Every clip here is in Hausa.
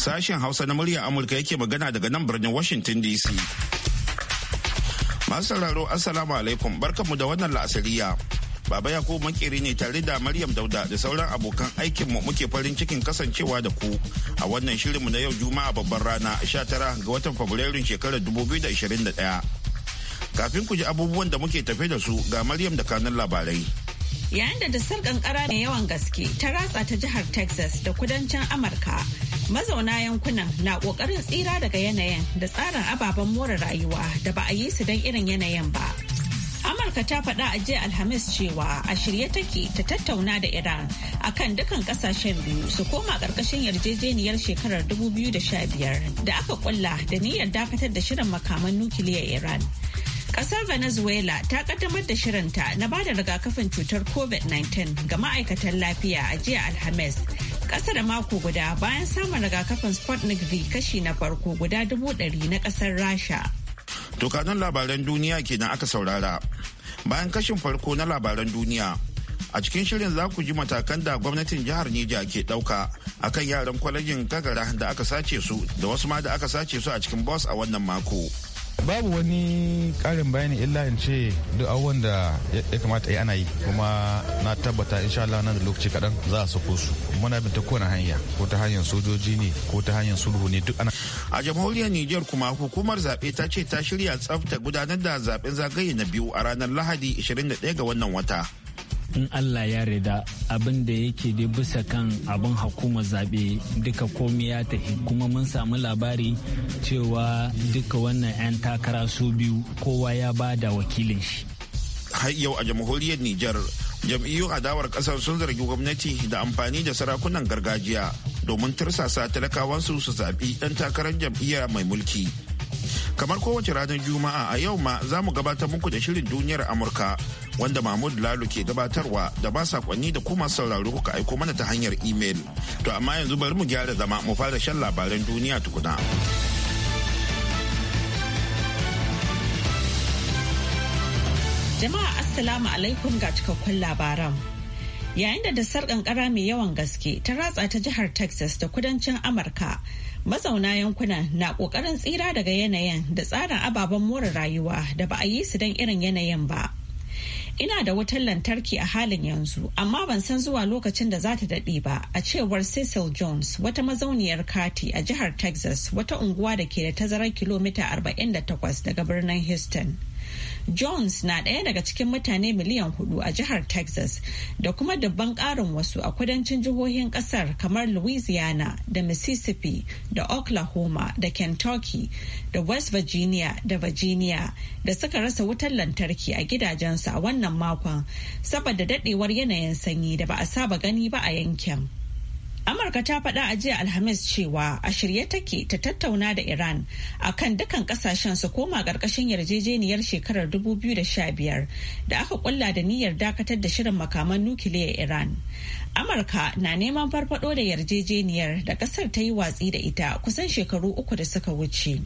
Sashen Hausa na murya Amurka yake magana daga nan birnin Washington DC. Masu sauraro Assalamu alaikum barkanmu da wannan la'asariya. Baba Yakubu makeri ne tare da Maryam Dauda da sauran abokan aikinmu muke farin cikin kasancewa da ku a wannan shirinmu na yau Juma'a babban rana 19 ga watan Fabrairun shekarar 2021. Kafin ku ji abubuwan da muke tafe da su ga Maryam da kanun labarai. Yayin da dasar kankara mai yawan gaske ta ratsa ta jihar Texas da kudancin Amurka mazauna yankunan na kokarin tsira daga yanayin da tsarin ababen more rayuwa da ba a yi su don irin yanayin ba. Amurka ta faɗa a jiya Alhamis cewa a shirye take ta tattauna da Iran akan dukan kasashen biyu su koma ƙarƙashin yarjejeniyar shekarar 2015 da aka kulla da niyyar dakatar da shirin makaman nukiliyar Iran. Kasar Venezuela ta kaddamar da shirinta na bada rigakafin cutar COVID-19 ga ma'aikatan lafiya a jiya Alhamis kasa da mako guda bayan samun rigakafin Sputnik V kashi na farko guda dubu ɗari na ƙasar Rasha. tokanin labaran duniya kenan aka saurara. Bayan kashin farko na labaran duniya, a cikin shirin za ku ji matakan da gwamnatin jihar Nija ke ɗauka akan yaran kwalejin kagara da aka sace su da wasu ma da aka sace su a cikin bos a wannan mako. babu wani karin bayani illa in ce duk abubuwan da ya kamata ya ana yi kuma na tabbata insha Allah nan da lokaci kaɗan za a sako su muna bin ta kowane hanya ko ta hanyar sojoji ne ko ta hanyar sulhu ne duk ana a jamhuriyar Nijar kuma hukumar zaɓe ta ce ta shirya tsafta gudanar da zaɓen zagaye na biyu a ranar Lahadi 21 ga wannan wata in allah ya rida abin da yake da bisa kan abin hukumar zaɓe duka komi ya tafi kuma mun samu labari cewa duka wannan 'yan takara su biyu kowa ya ba da wakilin shi har yau a jamhuriyar nijar jam'iyyun adawar kasar sun zargi gwamnati da amfani da sarakunan gargajiya domin tursasa talakawansu su zaɓi ɗan takarar jam'iyya mai mulki Kamar kowace ranar Juma'a a yau ma za mu gabatar muku da shirin duniyar Amurka wanda Mahmud lalu ke gabatarwa da ba sakonni da kuma sauraro kuka aiko mana ta hanyar imel. To amma yanzu bari mu gyara zama mu fara shan labaran duniya tukuna. Jama'a Assalamu alaikum ga cikakkun labaran. Yayin da dasar kankara mai yawan gaske ta ratsa ta jihar Texas da kudancin Amurka mazauna yankuna na kokarin tsira daga yanayin da tsarin ababen more rayuwa da ba a yi su don irin yanayin ba ina da wutar lantarki a halin yanzu amma ban san zuwa lokacin da za ta daɗe ba a cewar cecil jones wata mazauniyar kati a jihar texas wata unguwa da ke da tazarar kilomita 48 daga birnin houston Jones na ɗaya daga cikin mutane miliyan hudu a jihar Texas da kuma dabban ƙarin wasu a kudancin jihohin ƙasar kamar Louisiana da Mississippi da Oklahoma da Kentucky da West Virginia da Virginia da suka rasa wutar lantarki a gidajensu a wannan makon saboda daɗewar yanayin sanyi da ba a saba gani ba a yankin. Amurka ta faɗa a jiya Alhamis cewa a shirye take ta tattauna da Iran akan dukkan kasashen su koma ƙarƙashin yarjejeniyar shekarar 2015 da aka kulla da niyyar dakatar da shirin makaman nukiliya Iran. Amurka na neman farfado da yarjejeniyar da ƙasar ta yi watsi da ita kusan shekaru uku da suka wuce.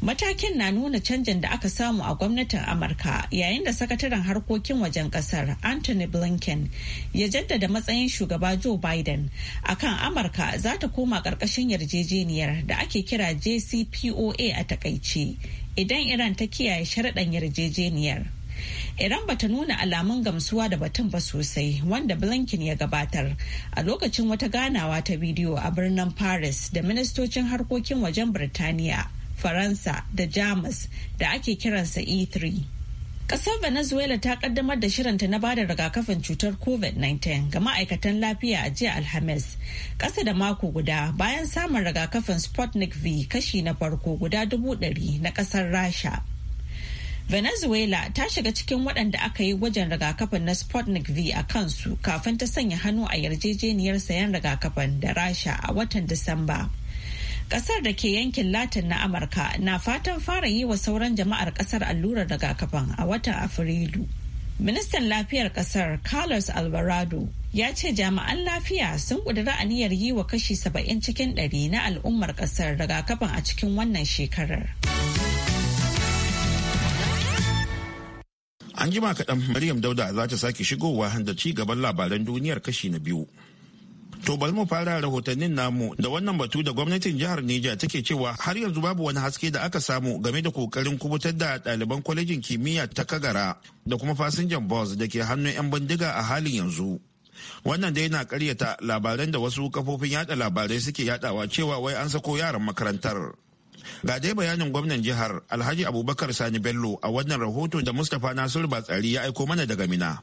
Matakin na nuna canjin da aka samu a gwamnatin Amurka yayin da sakataren harkokin wajen kasar Anthony Blinken ya jaddada matsayin shugaba Joe Biden akan Amurka za ta koma ƙarƙashin yarjejeniyar da ake kira JCPOA a takaice idan Iran ta kiyaye sharaɗan yarjejeniyar. Iran bata nuna alamun gamsuwa da batun ba sosai wanda Blinken ya gabatar a lokacin wata ganawa ta bidiyo a birnin Paris da ministocin harkokin wajen Birtaniya faransa da jamus da ake kiransa e3 Kasar Venezuela ta kaddamar da shirinta na bada rigakafin cutar COVID-19 ga ma'aikatan lafiya a jiya Alhamis. Ƙasa da mako guda bayan samun rigakafin Sputnik V kashi na farko guda dubu ɗari na kasar Rasha. Venezuela ta shiga cikin waɗanda aka yi wajen rigakafin na Sputnik V a kansu kafin ta sanya hannu a yarjejeniyar sayan rigakafin da Rasha a watan Disamba. Kasar da ke yankin Latin na Amurka na fatan fara yi wa sauran jama'ar kasar allurar rigakafin a watan Afrilu. Ministan lafiyar kasar Carlos Alvarado ya ce jami'an lafiya sun kudura aniyar yi wa kashi 70 cikin 100 na al'ummar kasar rigakafin a cikin wannan shekarar. An jima kaɗan Maryam Dauda za ta sake shigowa da ci gaban labaran duniyar kashi na biyu. To bari mu fara rahotannin namu da wannan batu da gwamnatin jihar nija take cewa har yanzu babu wani haske da aka samu game da kokarin kubutar da ɗaliban kwalejin kimiyya ta Kagara da kuma fasinjan bus da ke hannun 'yan bindiga a halin yanzu. Wannan dai na karyata labaran da wasu kafofin yada labarai suke yadawa cewa wai an sako yaran makarantar. Ga dai bayanin gwamnan jihar Alhaji Abubakar Sani Bello a wannan rahoto da Mustapha Nasiru Batsari ya aiko mana daga Mina.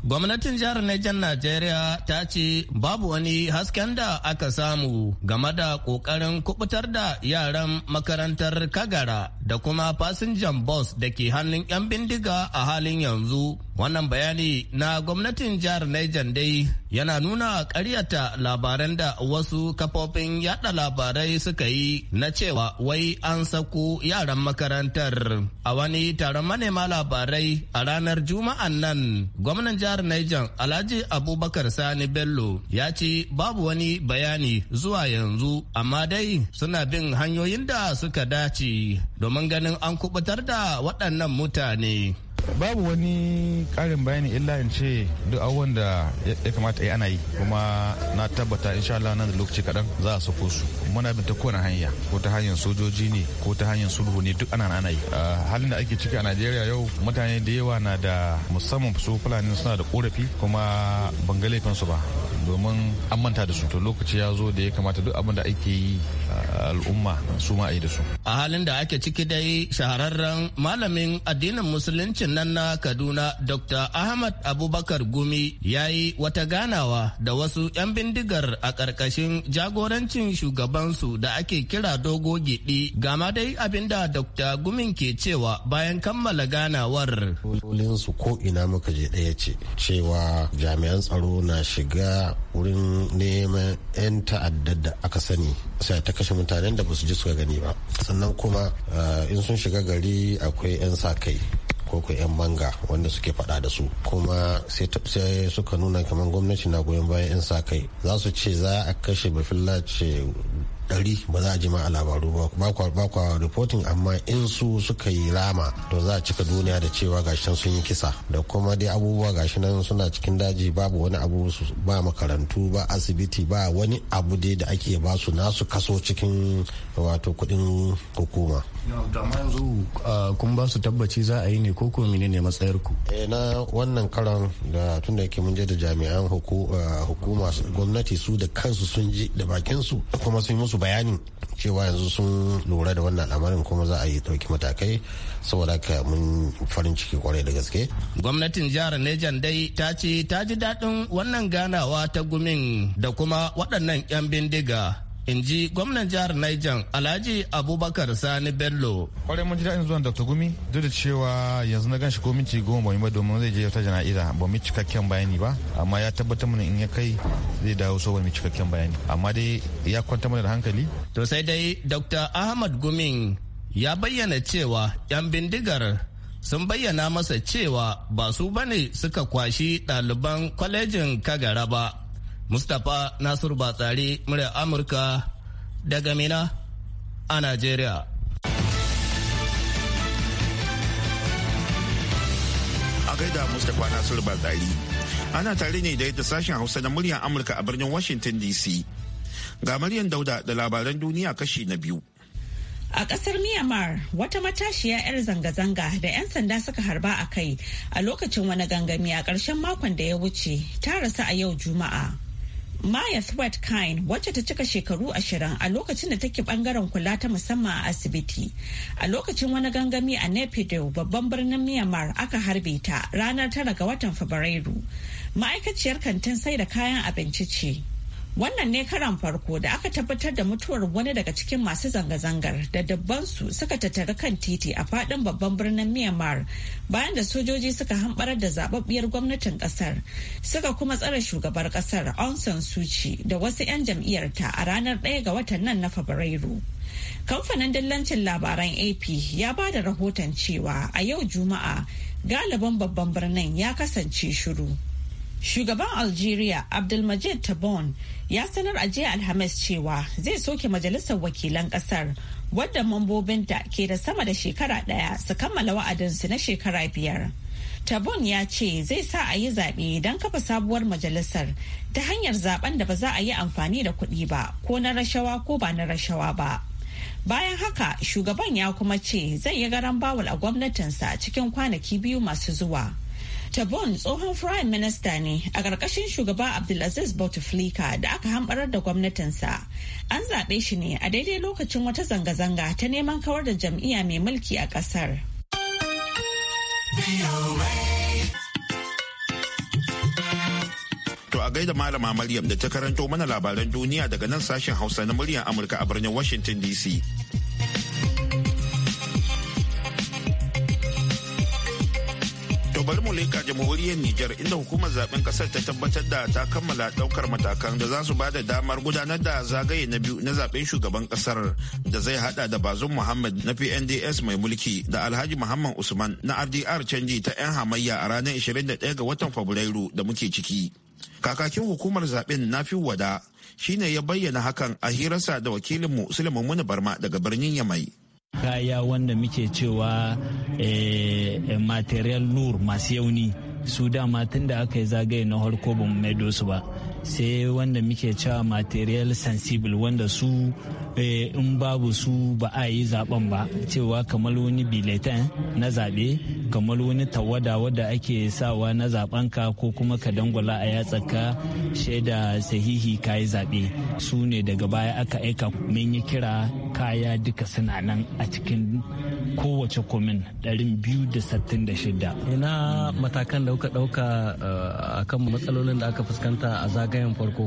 Gwamnatin jihar Niger Najeriya ta ce babu wani hasken da aka samu game da ƙoƙarin kubutar da yaran makarantar Kagara da kuma fasinjan bus da ke hannun 'yan bindiga a halin yanzu. Wannan bayani na gwamnatin jihar Niger dai yana nuna karyata labaran da wasu kafofin yada labarai suka yi na cewa wai an sako yaran makarantar a wani taron manema labarai a ranar juma'an nan gwamnan jihar Niger Alhaji Abubakar Sani Bello ya ce babu wani bayani zuwa yanzu amma dai suna bin hanyoyin da suka dace domin ganin an kubutar da waɗannan mutane. babu wani karin bayani illa in ce duk abubuwan da ya kamata yi ana yi kuma na tabbata insha Allah nan da lokaci kaɗan za a sako su muna bin ta kowane hanya ko ta hanyar sojoji ne ko ta hanyar sulhu ne duk ana ana yi halin da ake ciki a Najeriya yau mutane da yawa na da musamman su fulani suna da korafi kuma ban ga su ba domin an manta da su to lokaci ya zo da ya kamata duk abin da ake yi al'umma su ma a yi da su a halin da ake ciki dai shahararren malamin addinin musulunci gwamnatin nan na Kaduna Dr. Ahmad Abubakar Gumi ya yi wata ganawa da wasu 'yan bindigar a ƙarƙashin jagorancin shugabansu da ake kira dogo gidi gama dai abin da Dr. gumi ke cewa bayan kammala ganawar. su ko ina muka je ɗaya ce cewa jami'an tsaro na shiga wurin neman 'yan ta'addar da aka sani sai ta kashe mutanen da ba su ji suka gani ba sannan kuma eh, in sun shiga gari akwai 'yan sa kai ko ko 'yan banga wanda suke faɗa da su kuma sai suka nuna kamar gwamnati na goyon bayan 'yan sa kai za su ce za a kashe bafillace ɗari ba za a ji ma a labaru ba ba kwa reporting amma in su suka yi rama to za a cika duniya da cewa gashin sun yi kisa da kuma dai abubuwa gashi nan suna cikin daji babu wani abu ba makarantu ba asibiti ba wani abu dai da ake ba su nasu kaso cikin wato kuɗin hukuma. amma yanzu kun ba su tabbaci za a yi ne ko ko ne matsayar ku. Eh, na wannan karan da tun da yake mun je da jami'an hukuma gwamnati su da kansu sun ji da bakin su kuma sun yi musu bayanin cewa yanzu sun lura da wannan lamarin kuma za a yi ɗauki matakai saboda ka mun farin ciki kwarai da gaske. Gwamnatin jihar Nejan dai ta ce ta ji daɗin wannan ganawa ta gumin da kuma waɗannan 'yan bindiga in ji gwamnan jihar Niger Alhaji Abubakar Sani Bello. Kwarai mun ji daɗin zuwan Dr. Gumi duk da cewa yanzu na gan shi ko minti goma ba domin zai je ta jana'iza ba mu cikakken bayani ba amma ya tabbatar mana in ya kai zai dawo so ba mu cikakken bayani amma dai ya kwanta mana da hankali. To sai dai Dr. Ahmad Gumin ya bayyana cewa 'yan bindigar sun bayyana masa cewa ba su bane suka kwashi ɗaliban kwalejin Kagara ba. Mustapha Nasiru Batsari murya Amurka daga Mina a Najeriya. A gaida Mustapha Nasiru Batsari. Ana tare ne da yadda sashen Hausa na muryar Amurka a birnin Washington DC. Ga muryan Dauda da labaran duniya kashi na biyu. A ƙasar Myanmar wata matashiya 'yar zanga-zanga da 'yan sanda suka harba a kai a lokacin wani gangami a ƙarshen makon da ya wuce ta rasu a yau Juma'a. Maya Thwart Kine wacce ta cika shekaru ashirin a lokacin da take bangaren kula ta musamman a asibiti. A lokacin wani gangami a Naypyidaw babban birnin Myanmar aka harbe ta ranar tara ga watan Fabrairu. Ma'aikaciyar kantin sai da kayan abinci ce. Wannan ne karan farko da aka tabbatar da mutuwar wani daga cikin masu zanga-zangar da dabbansu suka tattara kan titi a faɗin babban birnin Myanmar bayan da sojoji suka hambarar da zababbiyar gwamnatin ƙasar, suka kuma tsare shugabar ƙasar Aung San Suu Kyi da wasu 'yan jam'iyyarta a ranar 1 ga watan nan na Fabrairu. Kamfanin dillancin labaran AP ya ba da rahoton cewa a yau Juma'a galiban babban birnin ya kasance shiru. Shugaban Algeria Abdulmajid Tabon ya sanar a jiya Alhamis cewa zai soke majalisar wakilan kasar wadda mambobinta ke da sama da shekara daya su kammala wa'adinsu na shekara biyar. Tabon ya ce zai sa a yi zaɓe don kafa sabuwar majalisar ta hanyar zaben da ba za a yi amfani da kuɗi ba ko na rashawa ko ba na rashawa ba. Bayan haka shugaban ya kuma ce zai yi garan bawul a gwamnatinsa cikin kwanaki biyu masu zuwa. Tabon tsohon Prime Minister ne a ƙarƙashin shugaba Abdulaziz Bouteflika da aka hambarar da gwamnatinsa. An zaɓe shi ne a daidai lokacin wata zanga-zanga ta neman kawar da jam'iyya mai mulki a ƙasar. To a gaida Malama Maryam da ta karanto mana labaran duniya daga nan sashen Hausa na muryar Amurka a birnin Washington DC. bar mu leka jamhuriyar Nijar inda hukumar zaben kasar ta tabbatar da ta kammala daukar matakan da za su ba da damar gudanar da zagaye na biyu na zaben shugaban kasar da zai hada da bazum Muhammad na PNDS mai mulki da Alhaji Muhammad Usman na RDR canji ta 'yan hamayya a ranar 21 ga watan Fabrairu da muke ciki. Kakakin hukumar zaben na fi wada shine ya bayyana hakan a hirarsa da wakilinmu Sulaiman Muni Barma daga birnin Yamai. kaya wanda muke cewa eh, material nur masu yauni su dama tun da aka yi zagaye na harko ba maido su ba sai wanda muke cewa material sensible wanda su eh, in babu su ba a yi zaben ba cewa kamar wani biletan na zaɓe kamar wani tawada wadda ake sawa na zaben ka ko kuma ka dangwala a yatsaka shaida sahihi ka yi zaɓe su ne daga baya aka aika mun yi kira kaya duka suna nan a cikin kowace komin 266 ina matakan da kuka dauka eh, a kan matsalolin da aka fuskanta a zagayen farko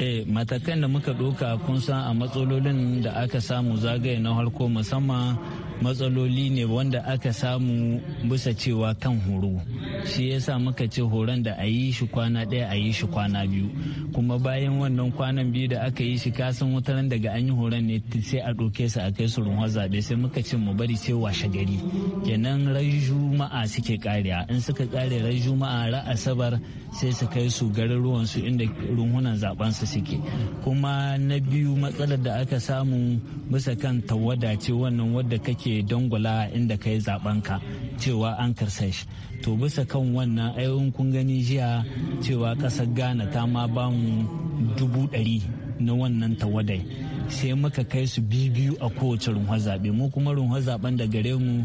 eh matakan da muka ɗauka kun san a matsalolin da aka samu zagaye na farko musamman matsaloli ne wanda aka samu bisa cewa kan horo shi yasa muka ce horon da a yi shi kwana ɗaya a yi shi kwana biyu kuma bayan wannan kwanan biyu da aka yi shi kasan wataran daga an yi horon ne sai a ɗauke su a kai su runwa zaɓe sai muka ce mu bari sai washe gari kenan rai juma'a suke ƙariya in suka kare rai juma'a ra asabar sai su kai su garuruwan su inda runhunan zaben su suke kuma na biyu matsalar da aka samu bisa kan tawada ce wannan wadda kake kake dangwala inda ka yi ka cewa an karsa shi to bisa kan wannan ayoyin kun gani jiya cewa ƙasar ghana ta ma ba mu dubu ɗari na wannan tawadai sai muka kai su biyu a kowace runhar zaɓe mu kuma runhar zaɓen da gare mu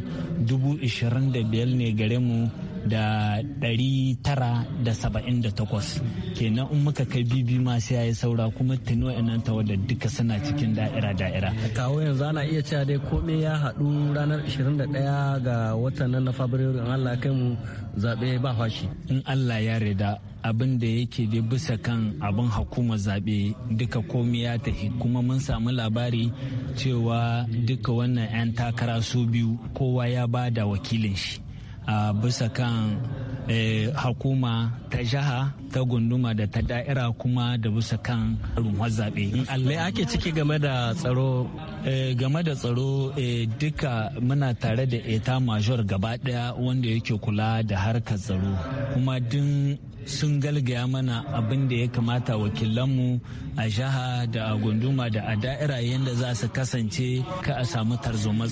dubu ishirin da biyar ne gare mu da ɗari tara da saba'in da takwas kenan in muka kai bibi ma sai yayi saura kuma tuni wa'annan tawadar duka suna cikin da'ira da'ira kawo yanzu ana iya cewa dai komai ya haɗu ranar 21 ga watan nan na fabrairu in Allah kai mu zaɓe ba fashi in Allah ya rida abin da yake dai bisa kan abin hukumar zaɓe duka komai ya tafi kuma mun samu labari cewa duka wannan 'yan takara su biyu kowa ya ba da wakilin shi a bisa kan e, hakuma ta jiha ta gunduma da ta da'ira kuma da bisa kan rumar zaɓe. Allai ake ciki game da tsaro? E, game da tsaro e, duka muna tare da eta major gaba daya wanda yake kula da harkar tsaro. Kuma din sun galgaya mana abin da ya kamata wakilanmu a jiha da a gunduma da a da'ira yadda za su kasance ka a samu tarzoma.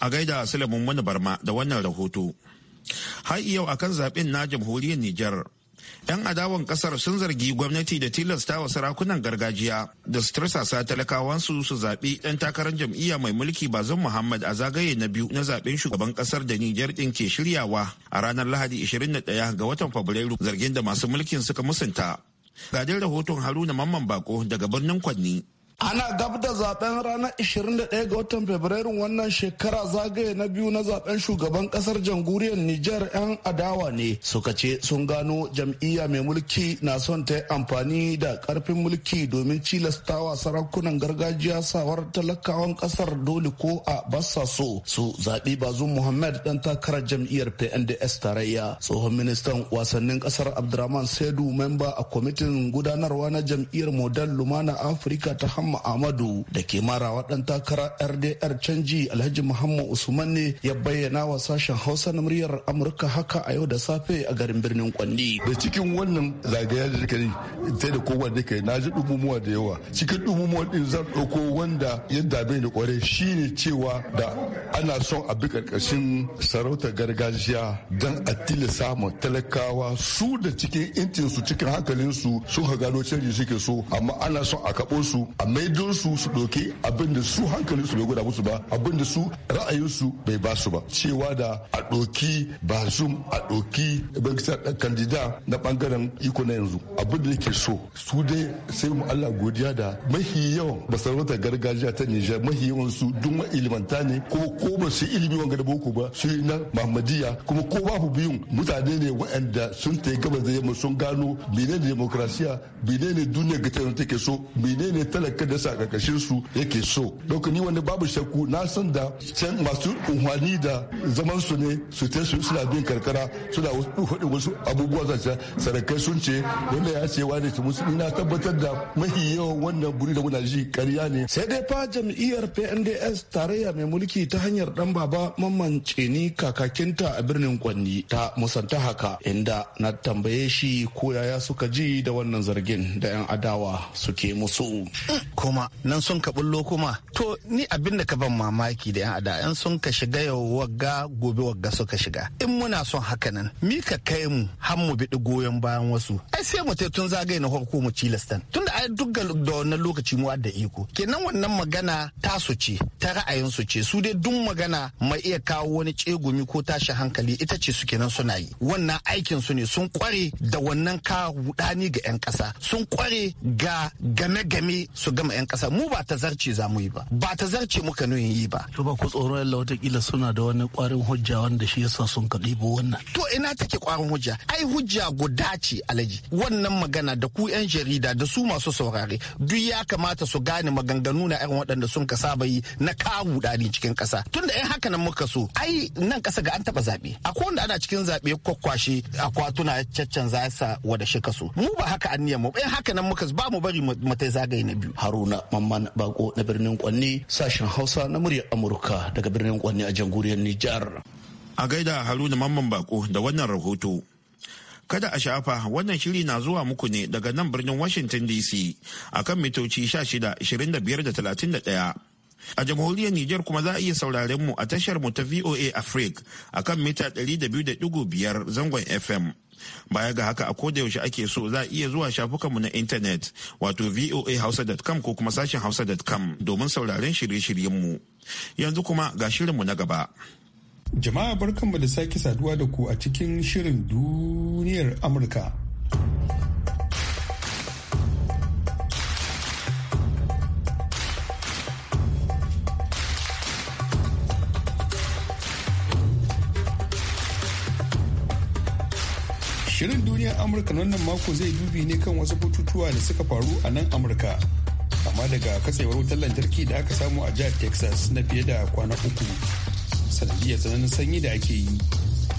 A gaida Sulaiman wani Barma da wannan rahoto. har yau akan zaɓen na jamhuriyar Nijar. 'Yan adawan kasar sun zargi gwamnati da tilasta wa sarakunan gargajiya da su tursasa talakawansu su zaɓi ɗan takarar jam'iyya mai mulki bazan Muhammad a zagaye na biyu na zaɓen shugaban kasar da Nijar ɗin ke shiryawa a ranar Lahadi 21 ga watan Fabrairu zargin da masu mulkin suka musanta. Gadin rahoton Haruna Mamman Bako daga birnin Kwanni. ana gab da zaben ranar 21 ga watan fabrairun wannan shekara zagaye na biyu na zaben shugaban kasar jamhuriyar Nijar 'yan adawa ne suka ce sun gano jam'iyya mai mulki na son ta yi amfani da karfin mulki domin cilastawa sarakunan gargajiya sawar talakawan kasar dole ko a basa so su zaɓi bazu Muhammad dan takarar jam'iyyar PNDS tarayya tsohon ministan wasannin kasar Abdurrahman saidu memba a kwamitin gudanarwa na jam'iyyar Model Lumana Afirka ta Hamma Muhammadu da ke marawa ɗan takara RDR canji Alhaji Muhammad Usman ne ya bayyana wa sashen Hausa na muryar Amurka haka a yau da safe a garin birnin Kwandi. Da cikin wannan zagaya da kai sai da kowa da kai na ji dubumuwa da yawa. Cikin dubumuwa din zan ɗauko wanda ya dabe ni kwarai shine cewa da ana son a bi karkashin sarauta gargajiya don a tilasa ma talakawa su da cikin intin su cikin hankalin su su gano canji suke so amma ana son a kaɓo su a maidon su su ɗauki abin da su hankali su bai gwada musu ba abin da su ra'ayinsu bai ba su ba cewa da a ɗoki bazum a ɗoki kandida na bangaren iko na yanzu abin da yake so su dai sai mu Allah godiya da mahi yawan masarautar gargajiya ta Nijar mahi yawan su duk ma'ilmanta ne ko ko ba su ilimi wanga da boko ba su na Muhammadiya kuma ko babu biyun mutane ne waɗanda sun ta gaba da yamma sun gano menene demokrasiya menene duniya ga take so menene talaka takardarsa a ƙarƙashin su yake so ɗauka ni babu shakku na san da can masu unhwani da zaman su ne su ta su suna bin karkara suna faɗin wasu abubuwa su sarakai sun ce wanda ya ce wani su musu ina tabbatar da mahi yawan wannan buri da muna ji ƙarya ne. sai dai fa jam'iyyar pnds tarayya mai mulki ta hanyar dan baba mamman ceni kakakinta a birnin kwanni ta musanta haka inda na tambaye shi ko yaya suka ji da wannan zargin da 'yan adawa suke musu. Eh, kuma nan sun ka bullo kuma to ni abin da ka ban mamaki da yan ada yan sun ka shiga yau wagga gobe wagga suka shiga in muna son haka nan mi ka kai mu har mu bi goyon bayan wasu ai sai mu tun zagaye na farko mu ci cilastan tunda ai duk da wannan lokaci mu da iko kenan wannan magana tasu ce ta ra'ayin su ce su dai duk magana mai iya kawo wani tsegumi ko tashi hankali ita ce su kenan suna yi wannan aikin su ne sun kware da wannan ka wudani ga yan kasa sun kware ga game-game su ga ma 'yan kasa mu ba ta zarce za mu yi ba ba ta zarce muka nuyin yi ba to ba ku tsoro yalla watakila suna da wani kwarin hujja wanda shi yasa sun ka ɗibo wannan to ina take kwarin hujja ai hujja guda ce alaji wannan magana da ku 'yan jarida da su masu saurare duk ya kamata su gane maganganu na irin waɗanda sun ka saba yi na kawu ni cikin ƙasa tunda in haka nan muka so ai nan ƙasa ga an taɓa zaɓe akwai wanda ana cikin zaɓe kwakwashe akwatuna ya caccanza ya sa wada shi kaso mu ba haka an mu in haka nan muka ba mu bari mu ta zagaye na biyu na mamman bako na birnin kwanni sashen hausa na muryar amurka daga birnin kwanni a jamhuriyar nijar a gaida haruna mamman bako da wannan rahoto kada a shafa wannan shiri na zuwa muku ne daga nan birnin washington dc akan mitoci 16 25 31 A jamhuriyar Nijar kuma za a iya sauraren mu a tashar mu ta VOA afrik a kan mita 200.5 zangon FM. Baya ga haka a koda yaushe ake so za a iya zuwa shafukanmu na intanet wato voahausa.com ko kuma sashen hausa.com domin sauraren shirye-shiryenmu. Yanzu kuma ga shirinmu na gaba. Jama'a barkanmu da sake saduwa da ku a cikin shirin duniyar Amurka. Shirin duniyar Amurka wannan mako zai dubi ne kan wasu bututuwa da suka faru a nan Amurka. amma daga katsewar wutar lantarki da aka samu a jihar Texas na fiye da kwana uku. Sanadiyar tsananin sanyi da ake yi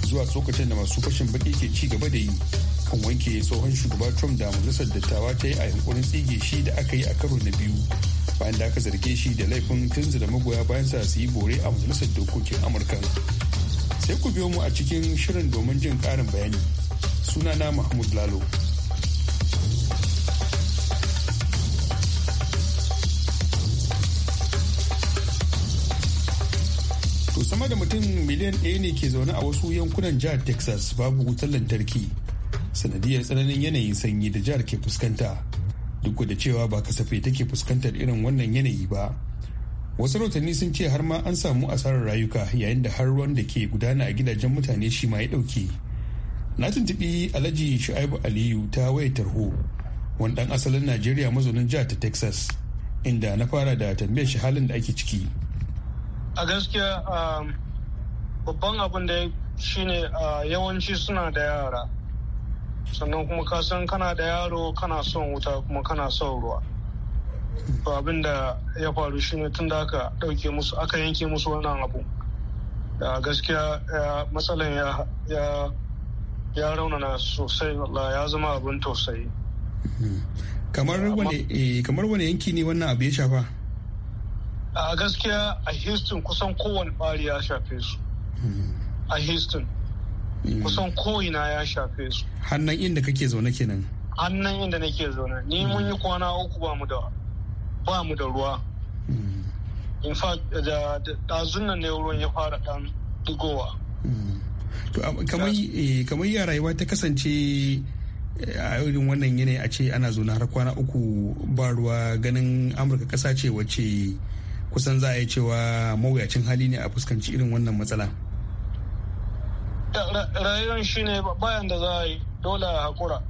zuwa tsokacin da masu fashin baki ke ci gaba da yi kan wanke tsohon shugaba Trump da majalisar dattawa ta yi a yankunan tsige shi da aka yi a karo na biyu. Bayan da aka zarge shi da laifin da magoya bayan sa su yi bore a majalisar dokokin Amurka. Sai ku biyo mu a cikin shirin domin jin ƙarin bayani. sunana mahmud lalo to sama da mutum miliyan ɗaya ne ke zaune a wasu yankunan jihar texas babu wutar lantarki sanadiyar tsananin yanayin sanyi da jihar ke fuskanta duk da cewa ba kasafai take fuskantar irin wannan yanayi ba wasu rahotanni sun ce har ma an samu asarar rayuka yayin da har ruwan da ke gudana a gidajen mutane shi ma ya ɗauke na tuntubi alhaji shu'aibu aliyu ta waya tarho wani dan asalin najeriya mazaunin jihar ta texas inda na fara da tambayar shi halin da ake ciki a gaskiya um, babban abin da shine uh, yawanci suna da yara sannan kuma ka san kana da yaro kana son wuta kuma kana son ruwa abin da ya faru shine tun da aka dauke musu aka yanke musu wannan abu da uh, gaskiya uh, matsalan ya ya raunana sosai wala ya zama abin tausayi hmm. kamar wani eh, yanki ne wannan abu ya shafa a gaskiya a houston kusan kowane bari ya shafe su hmm. a houston hmm. kusan ko'ina ya shafe su hannan inda kake zaune kenan hannan inda nake zaune ni mun yi kwana uku ba mu da ba mu da ruwa in fact da ɗazun nan ne ruwan ya fara ɗan digowa to kamar eh, a rayuwa ta kasance eh, a irin wannan yanayi a ce ana zuna har kwana uku ba ruwa ganin amurka kasa ce wacce kusan za a yi cewa mawuyacin hali ne a fuskanci irin wannan matsala rayuwar shi ne bayan da za a yi dole a haƙura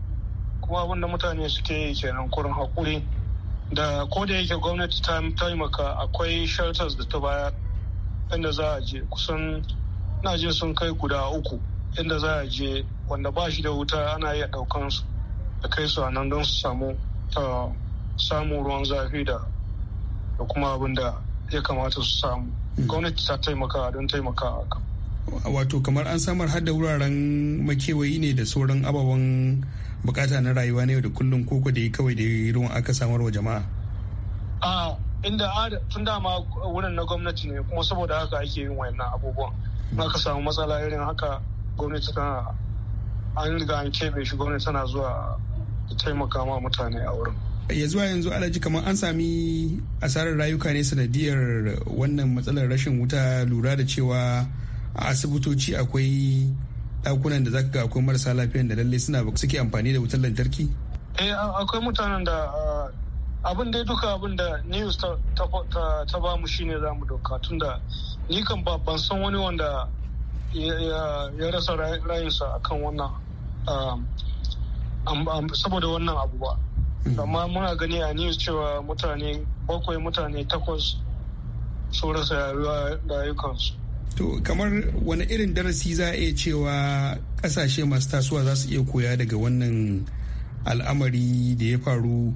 kuma abin mutane suke yi kenan kurin haƙuri da ko da yake gwamnati ta taimaka akwai shelters da ta baya inda za a je kusan ina jin sun kai guda uku inda za a je wanda ba shi da wuta ana iya ɗaukan su da kai su a nan don su samu ta samun ruwan zafi da kuma abin da ya kamata su samu hmm. gwamnati ta taimaka don taimaka haka wato kamar an samar hada wuraren makewayi ne da sauran ababen bukata na rayuwa na yau da kullum koko da kawai da ruwan aka samar wa jama'a a inda tun dama wurin na gwamnati ne kuma saboda haka ake yin wayannan abubuwan aka samu matsala irin haka gwamnati tana an riga an keɓe shi gwamnati tana zuwa taimaka ma mutane a wurin ya zuwa yanzu alaji kamar an sami asarar rayuka ne sanadiyar wannan matsalar rashin wuta lura da cewa a asibitoci akwai dakunan da zaka ga akwai marasa lafiyan da lalle suna suke amfani da wutar lantarki eh akwai mutanen da abin dai duka abin da news ta ba mu shine za mu doka tunda ni kan ba ban san wani wanda ya rasa rayinsa kan wannan um, saboda wannan abu ba hmm. amma muna gani a news cewa mutane bakwai mutane takwas sun rasa rayukansu to kamar wani irin darasi za a iya cewa kasashe masu tasowa za su iya koya daga wannan al'amari da ya faru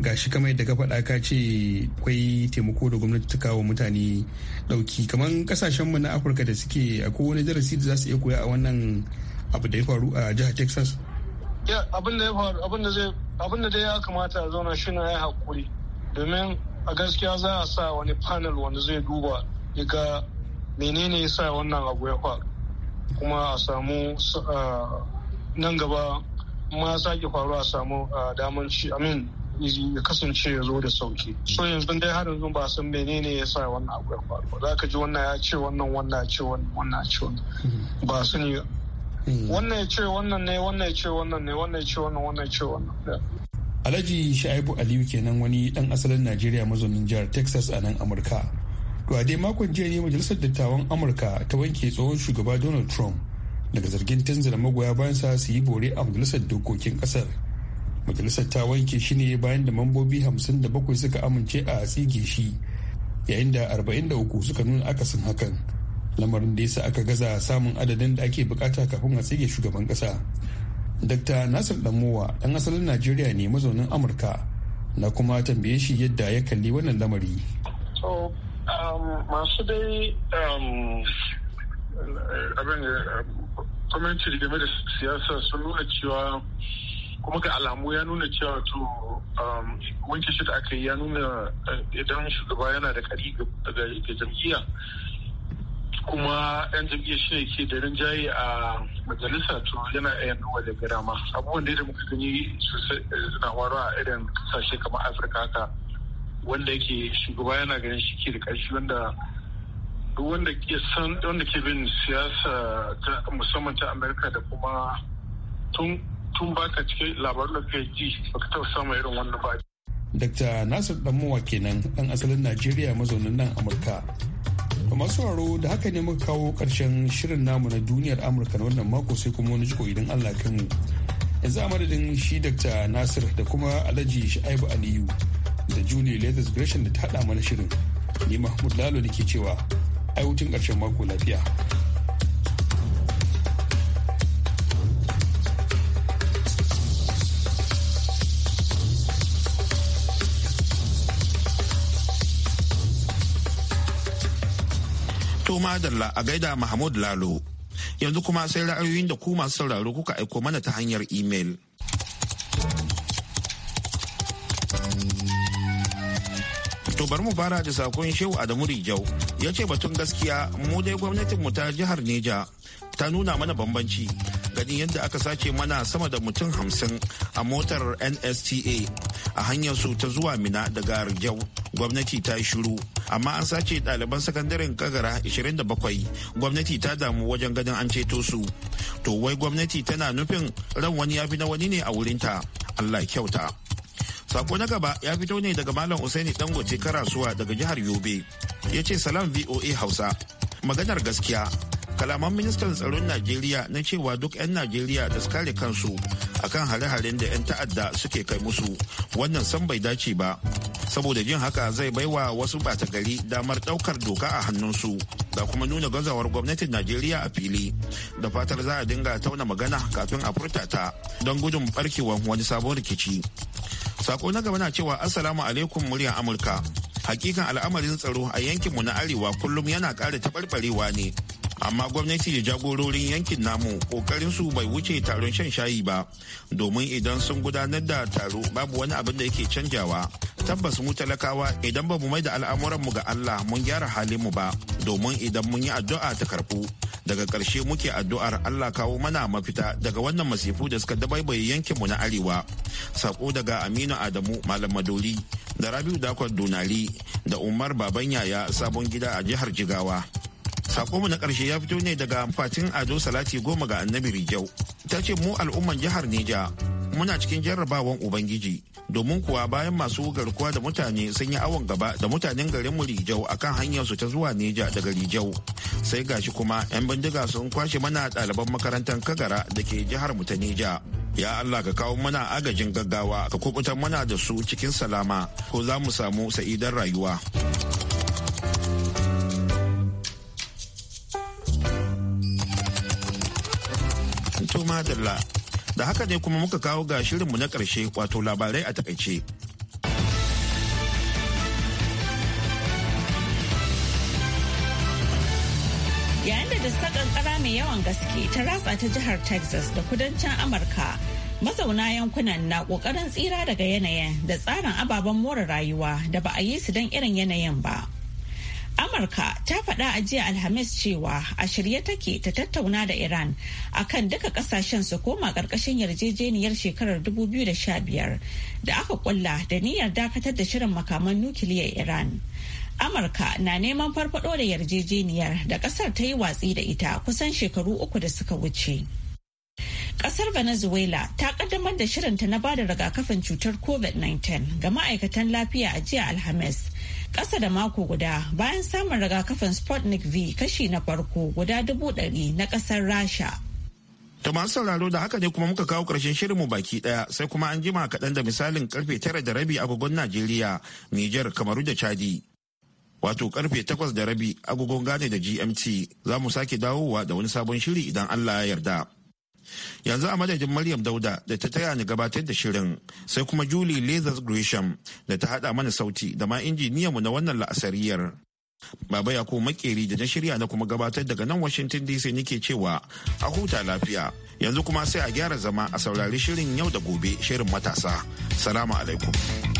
ga shi kamar yadda ka faɗa ka ce akwai taimako da gwamnati ta kawo mutane ɗauki kamar mu na afirka da suke a wani darasi da za su iya koya a wannan abu da ya faru a jihar texas abin da ya ya kamata a zauna shi na ya haƙuri domin a gaskiya za a sa wani panel wanda zai duba ya ga menene ya sa wannan abu ya faru kuma a samu nan gaba ma sake faru a samu damanci amin ya kasance ya zo da sauki so yanzu dai har yanzu ba san menene ya sa wannan abu ya faru za ka ji wannan ya ce wannan wannan ya ce wannan wannan ya ce wannan ba su ne hmm. wannan ya ce wannan ne wannan ya ce wannan ne wannan ya ce wannan wannan ya ce wannan Alhaji Sha'ibu Aliyu kenan wani dan asalin Najeriya mazaunin jihar Texas a nan Amurka. To a dai makon jiya ne majalisar dattawan Amurka ta wanke tsohon shugaba Donald Trump daga zargin tanzara magoya bayan sa su yi bore a majalisar dokokin kasar. majalisar ta wanke shi ne bayan da mambobi 57 suka amince a tsige shi yayin da 43 suka nuna akasin hakan lamarin da yasa aka gaza samun adadin da ake bukata kafin a tsige shugaban kasa dr nasir damowa dan asalin najeriya ne mazaunin amurka na kuma tambaye shi yadda ya kalli wannan lamari um, masu dai um, abin um, da game da siyasa sun nuna cewa kuma ga alamu ya nuna cewa to um, wanke shi da aka yi ya nuna eh, idan shugaba yana da kari ga jam'iyya kuma yan jam'iyya shi ne ke da rinjaye a majalisa to yana iya nuna da ma abubuwan da muka gani sosai eh, na waro a irin kasashe kamar afirka haka wanda yake shugaba yana ganin shi ke da karshe wanda duk wanda ke san wanda ke bin siyasa ta musamman ta amerika da kuma tun tun ba ka cikin labarin da kai ji ba ka taɓa samun irin wannan ba. Dr. Nasir Ɗanmuwa kenan ɗan asalin Najeriya mazaunin nan Amurka. Da masu haro da haka ne muka kawo ƙarshen shirin namu na duniyar Amurka na wannan mako sai kuma wani jiko idan Allah kan mu. Yanzu a madadin shi Dr. Nasir da kuma Alhaji Shaibu Aliyu da Julie Letters Gresham da ta haɗa mana shirin. Ni Mahmud Lalo ne ke cewa ai wucin ƙarshen mako lafiya. To madalla a gaida Mahmud Lalo. Yanzu kuma sai ra'ayoyin da ku masu sauraro kuka aiko mana ta hanyar imel. To bari mu fara da sakon Shehu Adamu Rijau ya ce batun gaskiya mu dai gwamnatin mu ta jihar Neja ta nuna mana bambanci gani yadda aka sace mana sama da mutum hamsin a motar nsta a hanyar su ta zuwa mina daga rijau gwamnati ta yi shiru amma an sace ɗaliban sakandaren kagara 27 gwamnati ta damu wajen ganin an ceto su to wai gwamnati tana nufin ran wani ya fi na wani ne a wurinta allah kyauta sako na gaba ya fito ne daga malam usaini dangote karasuwa daga jihar yobe ya ce salam voa hausa maganar gaskiya kalaman ministan tsaron najeriya na cewa duk 'yan najeriya da su kare kansu akan hare-haren da 'yan ta'adda suke kai musu wannan san bai dace ba saboda jin haka zai baiwa wasu bata gari damar daukar doka a hannunsu da kuma nuna gazawar gwamnatin najeriya a fili da fatar za a dinga tauna magana kafin a furta ta don gudun barkewar wani sabon rikici sako na gaba na cewa assalamu alaikum muryar amurka hakikan al'amarin tsaro a yankinmu na arewa kullum yana ƙara taɓarɓarewa ne amma gwamnati da jagororin yankin namu kokarin su bai wuce taron shan shayi ba domin idan sun gudanar da taro babu wani abin da yake canjawa tabbas mu talakawa idan ba mu mai da al'amuran mu ga Allah mun gyara halin mu ba domin idan mun yi addu'a ta karbu daga ƙarshe muke addu'ar Allah kawo mana mafita daga wannan masifu da suka dabaibaye yankin mu na arewa sako daga Aminu Adamu Malam Madoli da Rabiu Dakon Donali da Umar Baban Yaya sabon gida a jihar Jigawa mu na karshe ya fito ne daga fatin Ado Salati goma ga annabi Rijau. Ta ce mu al'umman jihar Neja muna cikin jarrabawan Ubangiji domin kuwa bayan masu garkuwa da mutane sun yi awon gaba da mutanen garin mu Rijau akan su ta zuwa Neja daga Rijau. Sai gashi kuma 'yan bindiga sun kwashe mana ɗaliban makarantar Kagara da ke jihar mu ta Neja. ya Allah ka kawo mana agajin gaggawa ka kubutar mana da su cikin salama ko za mu samu sa'idar rayuwa. Da haka ne kuma muka kawo ga shirinmu na ƙarshe wato labarai a takaice. Yayin da dusar ƙanƙara mai yawan gaske ta ratsa ta jihar Texas da kudancin Amurka, mazauna yankunan na kokarin tsira daga yanayin da tsarin ababen more rayuwa da ba a yi su don irin yanayin ba. Amurka ta faɗa a jiya Alhamis cewa a shirye take ta tattauna da Iran akan duka ƙasashen su koma ƙarƙashin yarjejeniyar shekarar 2015 da aka ƙulla da niyyar dakatar da shirin makaman nukiliyar Iran. Amurka na neman farfaɗo da yarjejeniyar da ƙasar ta yi watsi da ita kusan shekaru uku da suka wuce. kasar venezuela ta ƙaddamar da shirinta na bada rigakafin cutar covid-19 ga ma'aikatan lafiya a jiya alhamis kasa da mako guda bayan samun rigakafin Sputnik V kashi na farko guda dubu ɗari na ƙasar Rasha. ta masu sauraro da haka ne kuma muka kawo ƙarshen shirinmu baki ɗaya sai kuma an jima kaɗan da misalin karfe tara da rabi agogon Najeriya, niger Kamaru da Chadi. Wato karfe takwas da rabi agogon gane da GMT za mu sake dawowa da wani sabon shiri idan Allah ya yarda. yanzu a madadin maryam dauda da ta taya ni gabatar da shirin sai kuma julie leathers gresham da ta hada mana sauti da ma injiniyanmu na wannan la'asariyar baba ya makeri da na shirya na kuma gabatar daga nan washington dc nake cewa a huta lafiya yanzu kuma sai a gyara zama a saurari shirin yau da gobe shirin matasa salamu alaikum